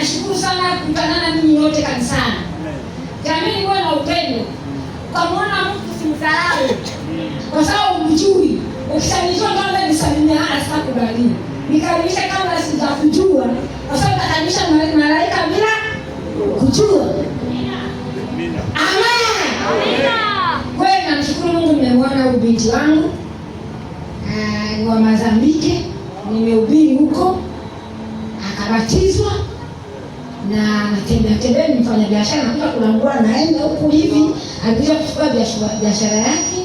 Nashukuru sana kukutana na ninyi wote kanisani. Jamii wewe na upendo. Ukamwona mtu simdharau. Kwa sababu umjui. Ukishanijua kwanza nisalimie hana kubali. Nikaribisha kabla sijakujua. Kwa sababu takaribisha malaika bila kujua. Amen. Amen. Kweli namshukuru Mungu nimemwona huyu binti wangu. Ah, wa Mozambique. Nimehubiri huko. Akabatizwa na natembea tembea, ni mfanya biashara, anakuja kulangua, anaenda huku hivi, alikuja kuchukua biashara yake.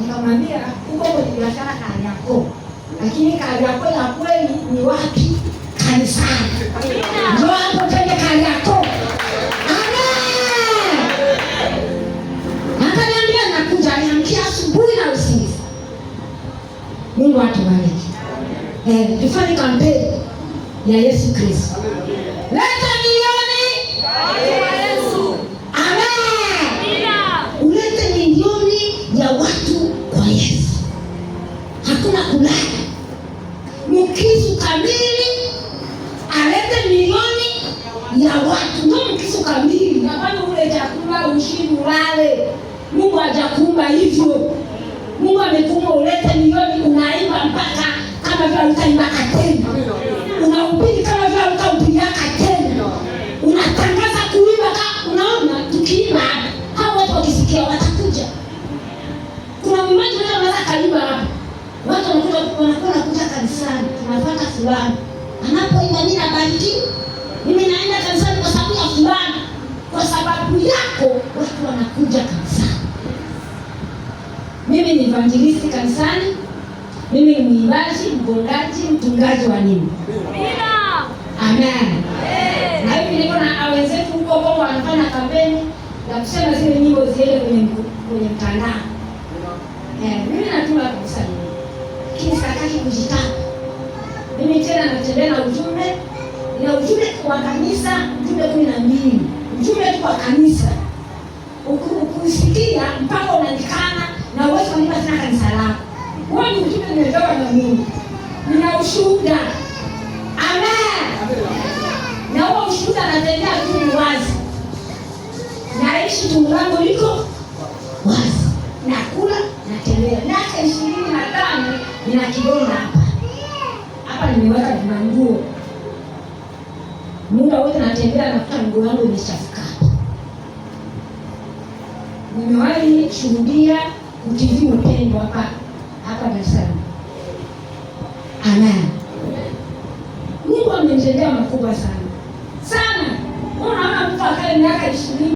Nikamwambia huko kwenye biashara kazi yako, lakini kazi yako ya kweli ni wapi? Kanisani, ndio hapo tende kazi yako. Akaniambia nakuja, niamkia asubuhi na usingizi. Mungu atubariki. Eh, tufanye kampeni ya Yesu Kristo leta milioni kwa Yesu. Amen. Ulete milioni ya watu kwa Yesu. Hakuna kulala, mkisu kamili alete milioni ya watu, ndio mkisu kamili. Napana ule chakula ushini ulale, Mungu hajakuumba hivyo. Mungu amekuumba ulete milioni, unaimba mpaka kama vile utaimba kateni Mwimbaji mmoja anaweza kaiba hapo, watu wanakuja wanakuwa wanakuja kanisani, tunapata fulani anapoimba, mimi nabariki, mimi naenda kanisani kwa sababu ya fulani, kwa sababu yako watu wanakuja kanisani. Mimi ni evangelist kanisani, mimi ni mwimbaji, mgongaji, mtungaji wa nini. Amen. Na hivi niko na wenzetu huko ambao wanafanya kampeni na kusema zile nyimbo ziende kwenye kwenye mtandao Eh, mimi natuma kabisa mimi. Lakini sitaki kujitaka. Mimi tena natembea na ujumbe na ujumbe kwa kanisa, ujumbe kumi na mbili. Ujumbe tu kwa kanisa. Ukusikia mpaka unanikana na uwezo kulipa tena kanisa lako. Wewe ni ujumbe nimepewa na Mungu. Nina ushuhuda. Amen. Na huo ushuhuda natembea tu wazi. Naishi tu mlango liko wazi nakula natembea miaka ishirini na tano nina Kigoma hapa hapa, nimeweka manguo muda wote natembea, nakuta mguu wangu umechafuka. Nimewahi shuhudia kutivi upendo hapa hapa darsalam es Amen. Mungu makubwa sana sana, unaona mtu akae miaka ishirini